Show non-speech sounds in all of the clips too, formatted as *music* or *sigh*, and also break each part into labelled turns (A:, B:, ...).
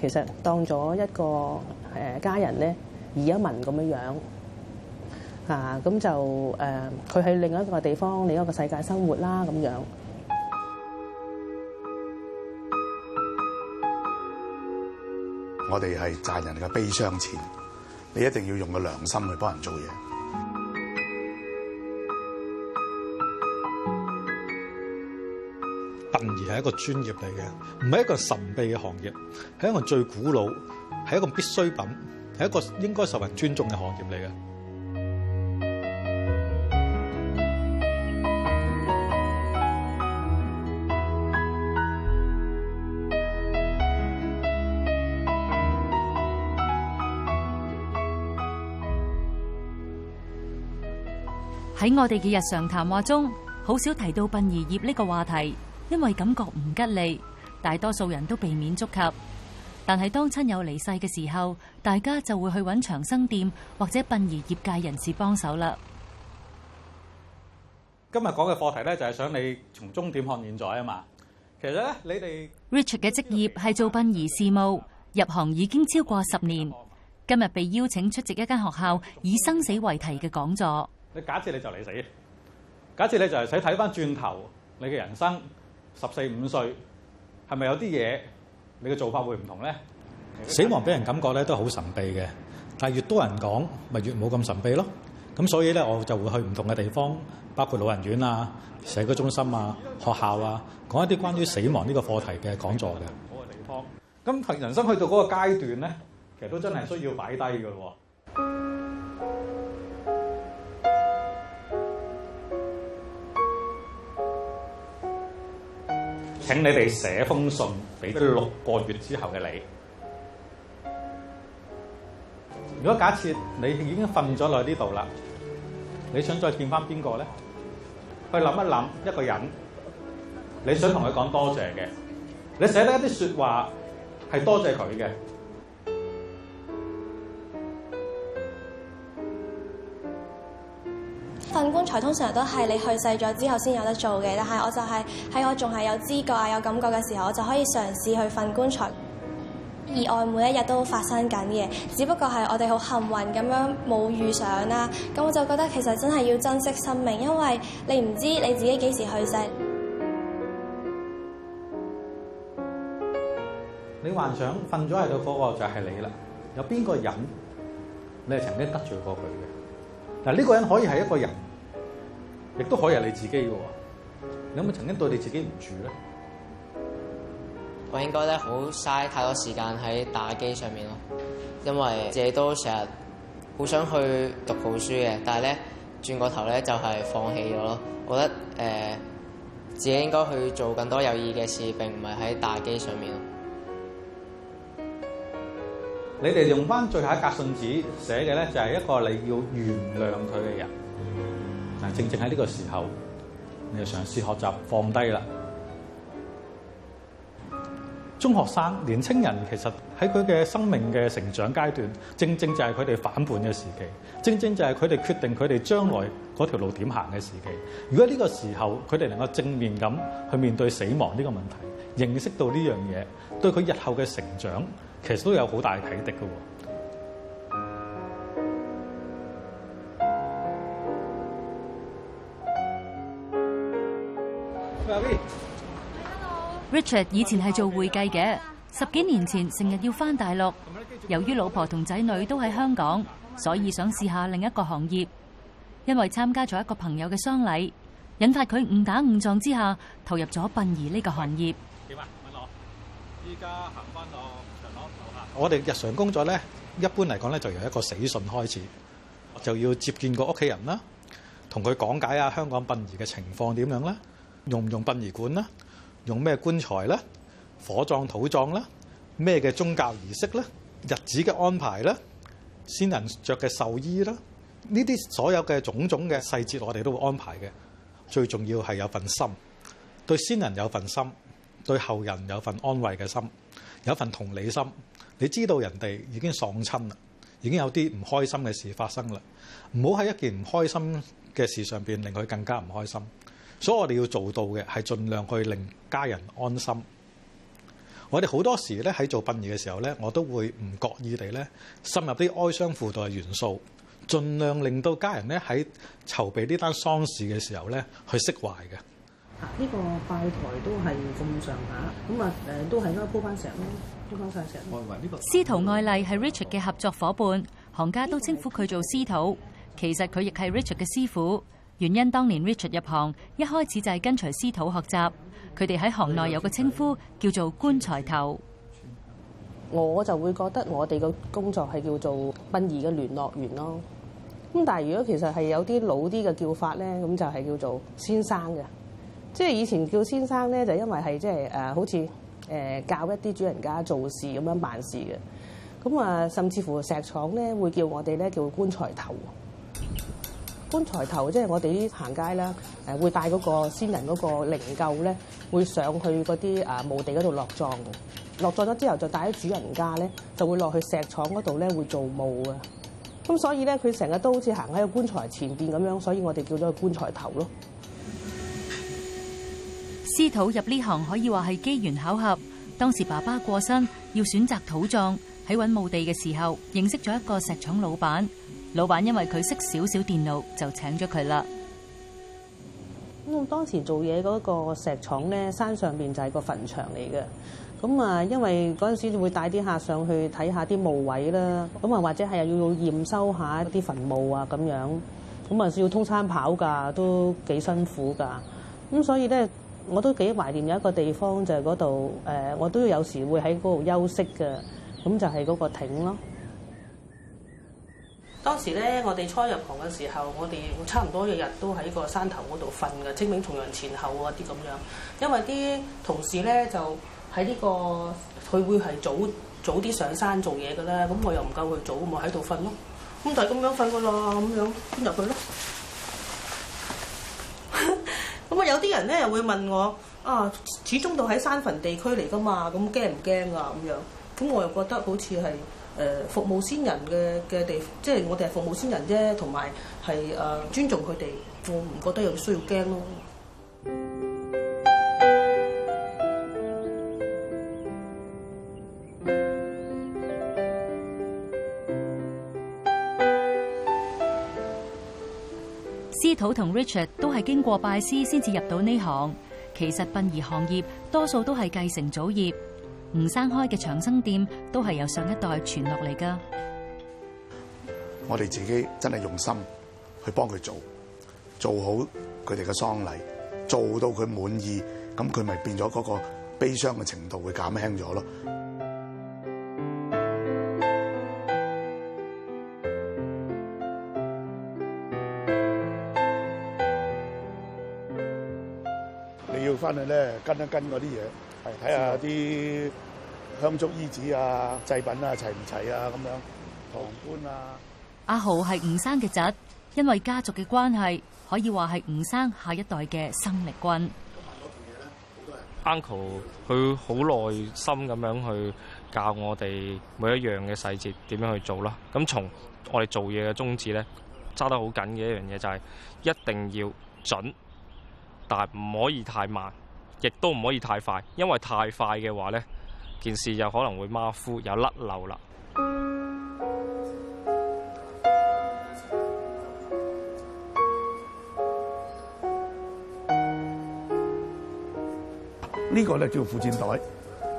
A: 其實當咗一個誒家人咧，移咗民咁樣樣啊，咁就誒佢去另一個地方，另一個世界生活啦咁樣。
B: 我哋係賺人哋嘅悲傷錢，你一定要用個良心去幫人做嘢。
C: 係一個專業嚟嘅，唔係一個神秘嘅行業，係一個最古老，係一個必需品，係一個應該受人尊重嘅行業嚟嘅。
D: 喺我哋嘅日常談話中，好少提到殯儀業呢個話題。因為感覺唔吉利，大多數人都避免觸及。但係當親友離世嘅時候，大家就會去揾長生店或者殯儀業界人士幫手啦。今
C: 日講嘅課題咧，就係想你從終點看現在啊嘛。其實咧，你哋
D: Richard 嘅職業係做殯儀事務，入行已經超過十年。今日被邀請出席一間學校以生死為題嘅講座。
C: 你假設你就嚟死，假設你就嚟死，睇翻轉頭你嘅人生。十四五歲，係咪有啲嘢你嘅做法會唔同咧？死亡俾人感覺咧都係好神秘嘅，但係越多人講，咪越冇咁神秘咯。咁所以咧，我就會去唔同嘅地方，包括老人院啊、社區中心啊、學校啊，講一啲關於死亡呢個課題嘅講座嘅。嗰個地方，咁人生去到嗰個階段咧，其實都真係需要擺低㗎喎。請你哋寫封信俾六個月之後嘅你。如果假設你已經瞓咗落呢度啦，你想再見返邊個咧？去諗一諗一個人，你想同佢講多謝嘅，你寫得一啲説話係多謝佢嘅。
A: 通常都係你去世咗之後先有得做嘅，但係我就係、是、喺我仲係有知覺啊、有感覺嘅時候，我就可以嘗試去瞓棺材。意外每一日都發生緊嘅，只不過係我哋好幸運咁樣冇遇上啦。咁我就覺得其實真係要珍惜生命，因為你唔知你自己幾時去世。
C: 你幻想瞓咗喺度嗰個就係你啦，有邊個人你係曾經得罪過佢嘅？嗱，呢個人可以係一個人。亦都可以係你自己嘅喎，你有冇曾經對你自己唔住咧？
A: 我應該咧好嘥太多時間喺打機上面咯，因為自己都成日好想去讀好書嘅，但係咧轉個頭咧就係放棄咗咯。我覺得，呃，自己應該去做更多有意嘅事，並唔係喺打機上面咯。
C: 你哋用翻最後一格信紙寫嘅咧，就係一個你要原諒佢嘅人。正正喺呢個時候，你就嘗試學習放低啦。中學生、年輕人其實喺佢嘅生命嘅成長階段，正正就係佢哋反叛嘅時期，正正就係佢哋決定佢哋將來嗰條路點行嘅時期。如果呢個時候佢哋能夠正面咁去面對死亡呢個問題，認識到呢樣嘢，對佢日後嘅成長其實都有好大嘅啟迪嘅喎。
D: Richard 以前係做會計嘅，十幾年前成日要翻大陸。由於老婆同仔女都喺香港，所以想試下另一個行業。因為參加咗一個朋友嘅喪禮，引發佢誤打誤撞之下投入咗殯儀呢個行業。點啊？問我，
C: 依家行翻落，我哋日常工作咧，一般嚟講咧就由一個死訊開始，就要接見個屋企人啦，同佢講解下香港殯儀嘅情況點樣咧。用唔用殯儀館呢？用咩棺材啦？火葬、土葬啦？咩嘅宗教儀式呢？日子嘅安排呢？先人着嘅壽衣啦？呢啲所有嘅種種嘅細節，我哋都會安排嘅。最重要係有份心，對先人有份心，對後人有份安慰嘅心，有份同理心。你知道人哋已經喪親啦，已經有啲唔開心嘅事發生啦，唔好喺一件唔開心嘅事上邊令佢更加唔開心。所以我哋要做到嘅係盡量去令家人安心。我哋好多時咧，喺做殯儀嘅時候咧，我都會唔覺意地咧，滲入啲哀傷輔助嘅元素，盡量令到家人咧，喺籌備呢單喪事嘅時候咧，去釋
A: 懷嘅。呢個拜台都係咁上下，咁啊誒，都係應該鋪翻
D: 石咯，鋪翻塊石。司徒愛麗係 Richard 嘅合作伙伴，行家都稱呼佢做司徒，其實佢亦係 Richard 嘅師傅。原因當年 Richard 入行，一開始就係跟隨師徒學習，佢哋喺行內有個稱呼叫做棺材頭。
A: 我就會覺得我哋個工作係叫做殯儀嘅聯絡員咯。咁但係如果其實係有啲老啲嘅叫法咧，咁就係、是、叫做先生嘅。即係以前叫先生咧，就因為係即係誒，好似誒教一啲主人家做事咁樣辦事嘅。咁啊，甚至乎石廠咧會叫我哋咧叫棺材頭。棺材頭即係、就是、我哋行街啦，誒會帶嗰個先人嗰個靈柩咧，會上去嗰啲誒墓地嗰度落葬。落葬咗之後，就帶喺主人家咧，就會落去石廠嗰度咧，會做墓啊。咁所以咧，佢成日都好似行喺個棺材前邊咁樣，所以我哋叫咗佢棺材頭咯。
D: 司徒入呢行可以話係機緣巧合，當時爸爸過身要選擇土葬，喺搵墓地嘅時候認識咗一個石廠老闆。老闆因為佢識少少電腦，就請咗佢啦。
A: 咁當時做嘢嗰個石廠咧，山上邊就係個墳場嚟嘅。咁啊，因為嗰陣時會帶啲客上去睇下啲墓位啦，咁啊或者係又要驗收下啲墳墓啊咁樣，咁啊要通山跑噶，都幾辛苦噶。咁所以咧，我都幾懷念有一個地方就係嗰度，誒，我都有時會喺嗰度休息嘅，咁就係嗰個亭咯。當時咧，我哋初入行嘅時候，我哋差唔多日日都喺個山頭嗰度瞓噶，清明重陽前後啊啲咁樣。因為啲同事咧就喺呢、這個，佢會係早早啲上山做嘢噶啦。咁我又唔夠佢早，我喺度瞓咯。咁就係咁樣瞓嘅咯，咁樣搬入去咯。咁 *laughs* 啊，有啲人咧又會問我啊，始終都喺山墳地區嚟噶嘛，咁驚唔驚啊？咁樣，咁我又覺得好似係。誒服務先人嘅嘅地方，即係我哋係服務先人啫，同埋係誒尊重佢哋，我唔覺得有需要驚咯。
D: 司徒同 Richard 都係經過拜師先至入到呢行，其實殯儀行業多數都係繼承祖業。吳生開嘅長生店都係由上一代傳落嚟㗎。
B: 我哋自己真係用心去幫佢做，做好佢哋嘅喪禮，做到佢滿意，咁佢咪變咗嗰個悲傷嘅程度會減輕咗咯。你要返去咧跟一跟嗰啲嘢，係睇下啲。香燭衣紙啊，祭品啊，齊唔齊啊？咁樣，唐冠
D: 啊。阿豪係吳生嘅侄，因為家族嘅關係，可以話係吳生下一代嘅生力軍。
C: 那那 Uncle 佢好耐心咁樣去教我哋每一樣嘅細節點樣去做啦。咁從我哋做嘢嘅宗旨咧，揸得好緊嘅一樣嘢就係、是、一定要準，但係唔可以太慢，亦都唔可以太快，因為太快嘅話咧。件事有可能會馬虎，有甩漏啦。
B: 呢個咧叫附件袋，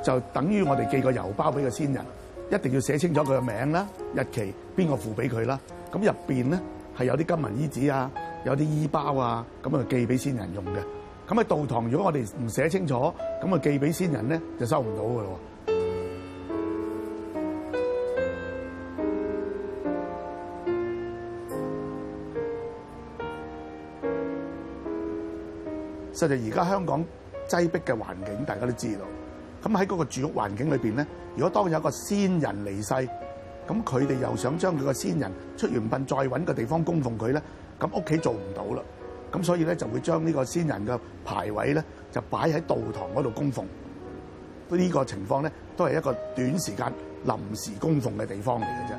B: 就等於我哋寄個郵包俾個先人，一定要寫清楚佢嘅名啦、日期、邊個付俾佢啦。咁入邊咧係有啲金銀衣紙啊，有啲衣包啊，咁啊寄俾先人用嘅。咁喺道堂，如果我哋唔寫清楚，咁啊寄俾先人咧，就收唔到噶咯。實際而家香港擠迫嘅環境，大家都知道。咁喺嗰個住屋環境裏邊咧，如果當有個先人離世，咁佢哋又想將佢個先人出完殯再揾個地方供奉佢咧，咁屋企做唔到啦。咁所以咧就會將呢個先人嘅牌位咧就擺喺道堂嗰度供奉。咁呢個情況咧都係一個短時間臨時供奉嘅地方嚟嘅啫。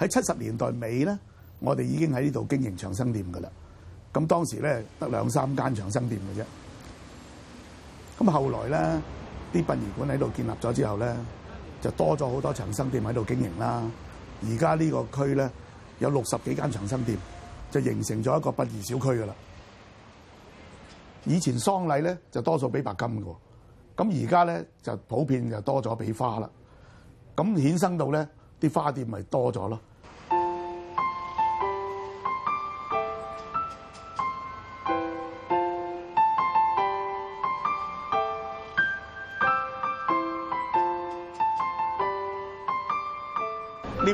B: 喺七十年代尾咧，我哋已經喺呢度經營長生店㗎喇。咁當時咧得兩三間長生店嘅啫。咁後來咧，啲殯儀館喺度建立咗之後咧，就多咗好多長生店喺度經營啦。而家呢個區咧有六十幾間長生店，就形成咗一個殯儀小區噶啦。以前喪禮咧就多數俾帛金喎；咁而家咧就普遍就多咗俾花啦。咁衍生到咧，啲花店咪多咗咯。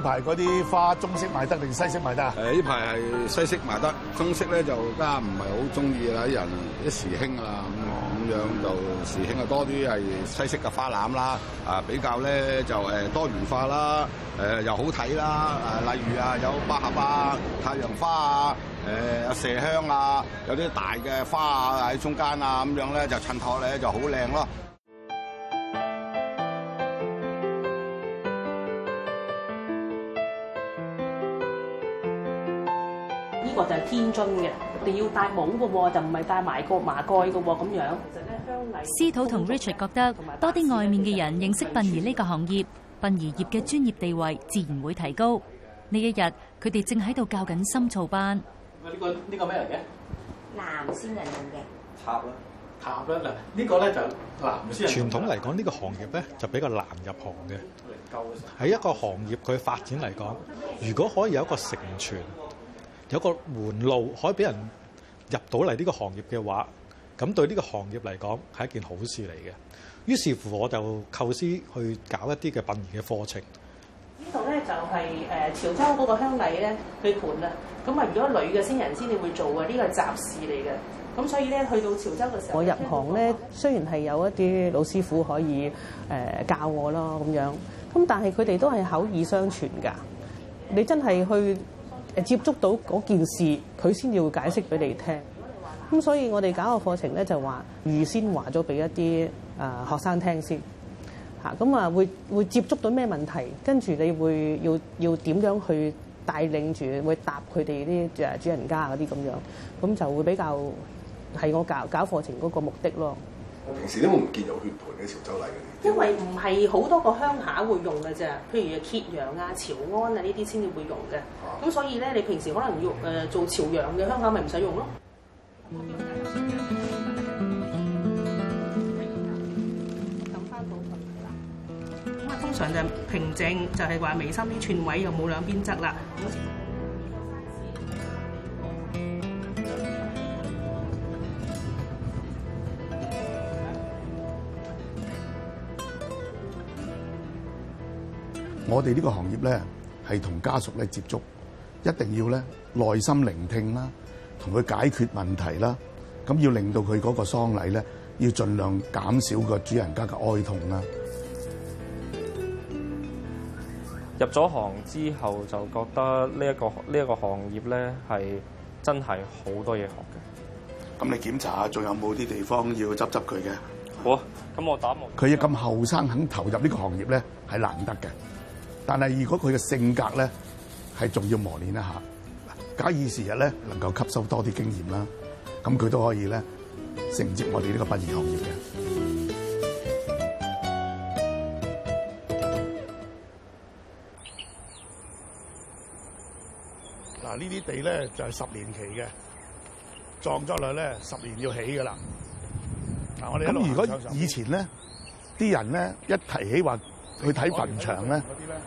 B: 排嗰啲花，中式賣得定西式賣得啊？誒，呢排係西式賣得，中式咧就家唔係好中意啦，啲人一時興啊，咁樣就時興啊多啲係西式嘅花籃
C: 啦，啊比較咧就誒多元化啦，誒又好睇啦，啊例如啊有百合啊、太陽花啊、誒有麝香啊，有啲大
B: 嘅花啊喺中間啊咁樣咧就襯托咧就好靚咯。
A: 呢個就係天津嘅，我哋要戴帽嘅喎，就唔係戴埋個麻蓋嘅喎咁樣。
D: 司徒同 Richard 覺得多啲外面嘅人認識殯儀呢個行業，殯儀業嘅專業地位自然會提高。呢一日佢哋正喺度教緊深造班。呢、
C: 呢個呢個咩嚟嘅？藍先人用嘅。塔啦，塔啦，嗱，呢個咧就藍先人。傳統嚟講，呢個行業咧就比較難入行嘅。喺一個行業佢發展嚟講，如果可以有一個承傳。有個門路可以俾人入到嚟呢個行業嘅話，咁對呢個行業嚟講係一件好事嚟嘅。於是乎我就構思去搞一啲嘅殯儀嘅課程。
A: 呢度咧就係潮州嗰個鄉禮咧嘅盤啦。咁啊，如果女嘅先人先至會做嘅呢、呢個雜事嚟嘅。咁所以咧去到潮州嘅時候，我入行咧雖然係有一啲老師傅可以、呃、教我咯咁樣，咁但係佢哋都係口耳相傳㗎。你真係去。誒，接觸到嗰件事，佢先至會解釋俾你聽。咁所以，我哋搞個課程咧，就話預先話咗俾一啲誒、呃、學生聽先嚇。咁啊，會會接觸到咩問題？跟住你會要要點樣去帶領住，會答佢哋啲誒主人家嗰啲咁樣，咁就會比較係我搞搞課程嗰個目的咯。平時
B: 都唔見有血盆嘅潮州
A: 嚟嘅，因為唔係好多個鄉下會用嘅啫，譬如揭陽啊、潮安啊呢啲先至會用嘅。咁、啊、所以咧，你平時可能要、呃、做潮陽嘅鄉下，咪唔使用咯。咁啊，通常就是平靜，就係話眉心啲寸位又冇兩邊側啦。
B: 我哋呢個行業咧，係同家屬咧接觸，一定要咧耐心聆聽啦，同佢解決問題啦。咁要令到佢嗰個喪禮咧，要儘量減少個主人家嘅哀痛啦。
C: 入咗行之後，就覺得呢一個呢一個行業咧，係真係好多嘢學嘅。
B: 咁你檢查下，仲有冇啲地方要執執佢嘅？好啊，咁我打磨。佢要咁後生肯投入呢個行業咧，係難得嘅。但係如果佢嘅性格咧，係仲要磨練一下。假以時日咧，能夠吸收多啲經驗啦，咁佢都可以咧，承接我哋呢個殯儀行業嘅。嗱，呢啲地咧就係十年期嘅，葬咗落咧十年要起噶啦。嗱，我哋咁如果以前咧，啲人咧一提起話。去睇墳場咧，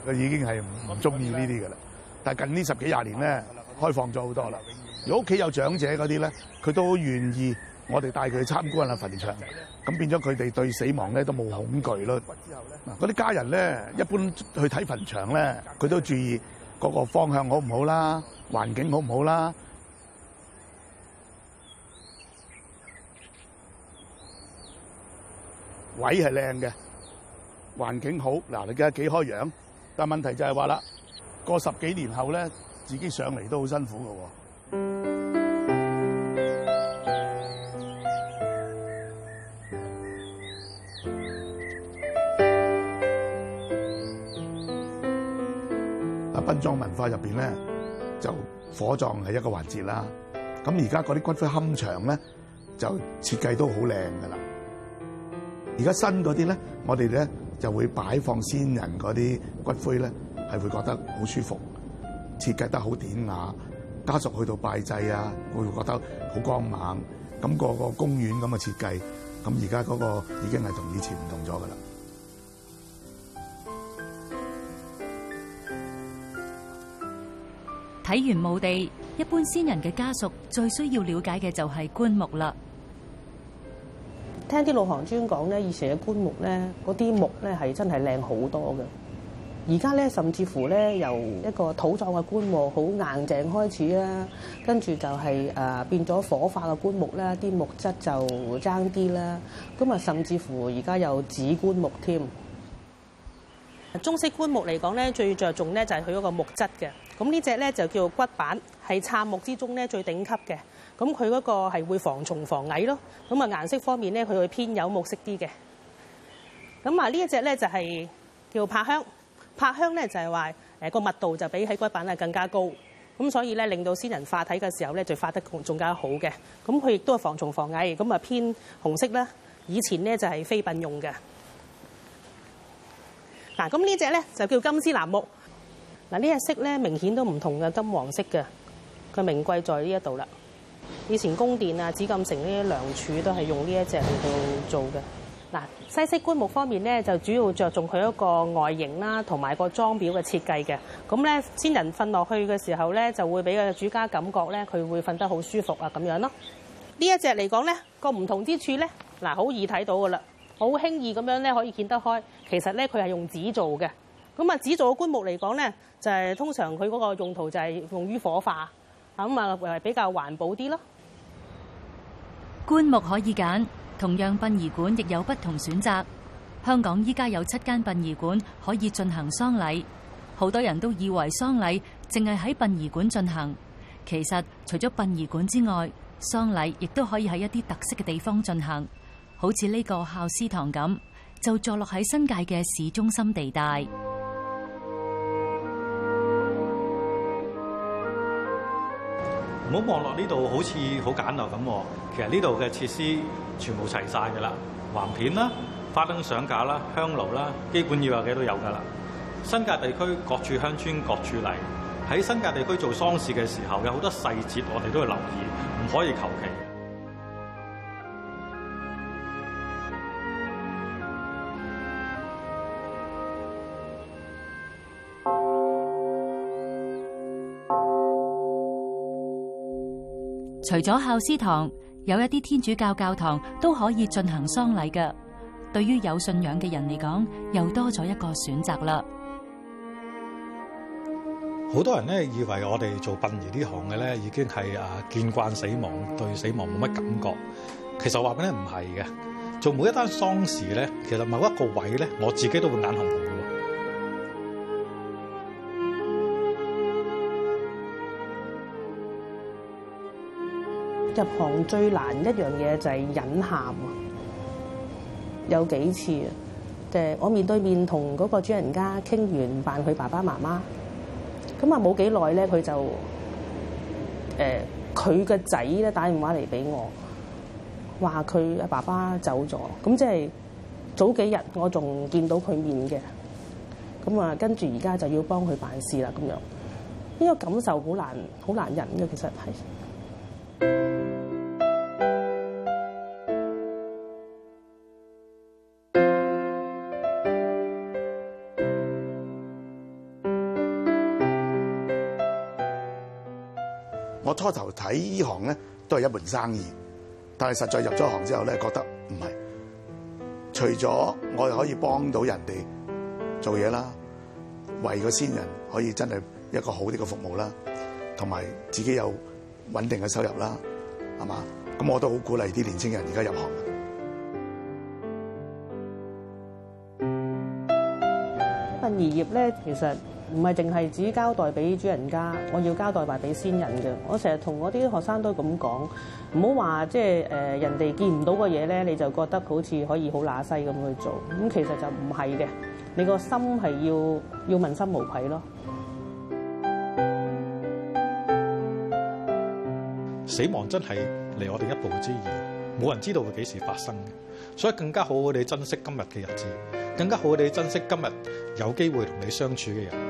B: 佢已經係唔中意呢啲嘅啦。但係近呢十幾廿年咧，開放咗好多啦。如果屋企有長者嗰啲咧，佢都願意我哋帶佢去參觀下墳場，咁變咗佢哋對死亡咧都冇恐懼咯。嗰啲家人咧，一般去睇墳場咧，佢都注意嗰個方向好唔好啦，環境好唔好啦，位係靚嘅。環境好，嗱你家幾開樣，但問題就係話啦，過十幾年後咧，自己上嚟都好辛苦㗎喎。嗱，殯葬文化入邊咧，就火葬係一個環節啦。咁而家嗰啲骨灰龕場咧，就設計都好靚㗎啦。而家新嗰啲咧，我哋咧。就會擺放先人嗰啲骨灰咧，係會覺得好舒服，設計得好典雅，家屬去到拜祭啊，會覺得好光猛，咁個個公園咁嘅設計，咁而家嗰個已經係同以前唔同咗噶啦。
D: 睇完墓地，一般先人嘅家屬最需要了解嘅就係棺木啦。
A: 聽啲老行專講咧，以前嘅棺木咧，嗰啲木咧係真係靚好多嘅。而家咧，甚至乎咧，由一個土葬嘅棺木好硬淨開始啦，跟住就係誒變咗火化嘅棺木啦，啲木質就爭啲啦。咁啊，甚至乎而家有紙棺木添。中式棺木嚟講咧，最着重咧就係佢嗰個木質嘅。咁呢隻咧就叫骨板，係杉木之中咧最頂級嘅。咁佢嗰個係會防蟲防蟻咯。咁啊，顏色方面咧，佢會偏有木色啲嘅。咁啊，呢一隻咧就係叫柏香。柏香咧就係話誒個密度就比起骨板啊更加高。咁所以咧令到先人化體嘅時候咧就化得更仲加好嘅。咁佢亦都係防蟲防蟻，咁啊偏紅色啦。以前咧就係妃嬪用嘅嗱。咁呢隻咧就叫金絲楠木嗱。呢一色咧明顯都唔同嘅金黃色嘅，佢名貴在呢一度啦。以前宮殿啊、紫禁城呢啲梁柱都係用呢一隻嚟到做嘅。嗱，西式棺木方面咧，就主要着重佢一個外形啦，同埋個裝裱嘅設計嘅。咁咧，先人瞓落去嘅時候咧，就會俾個主家感覺咧，佢會瞓得好舒服啊咁樣咯。呢一隻嚟講咧，個唔同之處咧，嗱好易睇到㗎啦，好輕易咁樣咧可以見得開。其實咧，佢係用紙做嘅。咁啊，紙做嘅棺木嚟講咧，就係通常佢嗰個用途就係用於火化。咁啊，誒比較環保啲咯。
D: 棺木可以揀，同樣殯儀館亦有不同選擇。香港依家有七間殯儀館可以進行喪禮，好多人都以為喪禮淨係喺殯儀館進行，其實除咗殯儀館之外，喪禮亦都可以喺一啲特色嘅地方進行，好似呢個孝思堂咁，就坐落喺新界嘅市中心地帶。
C: 唔好望落呢度，好似好簡陋咁。其實呢度嘅設施全部齊晒㗎啦，橫片啦、花燈上架啦、香爐啦，基本要有嘅都有㗎啦。新界地區各處鄉村各處例，喺新界地區做喪事嘅時候，有好多細節我哋都要留意，唔可以求其。
D: 除咗孝思堂，有一啲天主教教堂都可以進行喪禮嘅。對於有信仰嘅人嚟講，又多咗一個選擇啦。
C: 好多人咧，以為我哋做殯儀呢行嘅咧，已經係啊，見慣死亡，對死亡冇乜感覺。其實話俾你唔係嘅，做每一單喪事咧，其實某一個位咧，我自
A: 己都會眼紅紅入行最難一樣嘢就係忍喊，有幾次，即係我面對面同嗰個主人家傾完辦佢爸爸媽媽，咁啊冇幾耐咧，佢就誒佢個仔咧打電話嚟俾我，話佢阿爸爸走咗，咁即係早幾日我仲見到佢面嘅，咁啊跟住而家就要幫佢辦事啦，咁樣呢個感受好難好難忍嘅，其實係。
B: 初頭睇依行咧，都係一門生意，但係實在入咗行之後咧，覺得唔係。除咗我係可以幫到人哋做嘢啦，為個先人可以真係一個好啲嘅服務啦，同埋自己有穩定嘅收入啦，係嘛？咁我都好鼓勵啲年青人而家入行。殯儀
A: 業咧，其實。唔係淨係只交代俾主人家，我要交代埋俾先人嘅。我成日同我啲學生都咁講，唔好話即係誒，人哋見唔到嘅嘢咧，你就覺得好似可以好乸西咁去做咁，嗯，其實就唔係嘅。你個心係要要問心無愧咯。
C: 死亡真係離我哋一步之遙，冇人知道佢幾時發生嘅，所以更加好好地珍惜今日嘅日子，更加好好地珍惜今日有機會同你相處嘅人。